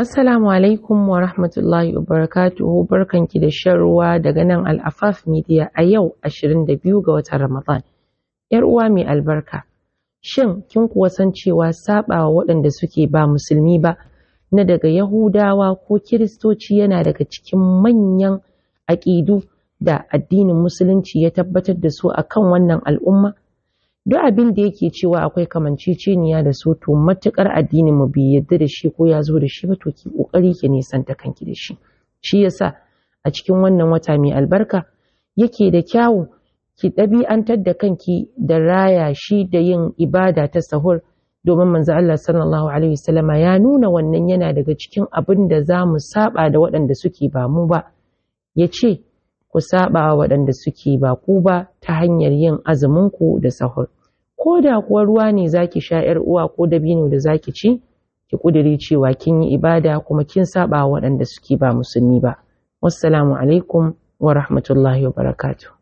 Assalamu alaikum wa rahmatullahi wa barakatuhu barkanki da shan ruwa daga nan Al-Afaf Media a yau 22 ga watan Ramadan. ‘Yar uwa mai albarka, shin kin kuwa san cewa saɓawa waɗanda suke ba musulmi ba na daga Yahudawa ko Kiristoci yana daga cikin manyan aƙidu da addinin musulunci ya tabbatar da su a kan wannan al'umma? duk abin da yake cewa akwai kamanceceniya da su to matukar addinin mu bai yadda da shi ko ya zo da shi ba to ki kokari ki ta kanki da shi shi yasa a cikin wannan wata mai albarka yake da kyawu ki ɗabi'antar da kanki da raya shi da yin ibada ta sahur domin manzo Allah sallallahu alaihi wasallama ya nuna wannan yana daga cikin abin da za mu saba da waɗanda suke ba mu ba ya ce ku saba waɗanda suke ba ku ba ta hanyar yin azumin ku da sahur ko da kuwa ruwa ne zaki sha yar uwa ko dabino da zaki ci ki kudiri cewa kin yi ibada kuma kin saba waɗanda suke ba musulmi ba wassalamu alaikum wa rahmatullahi wa barakatuh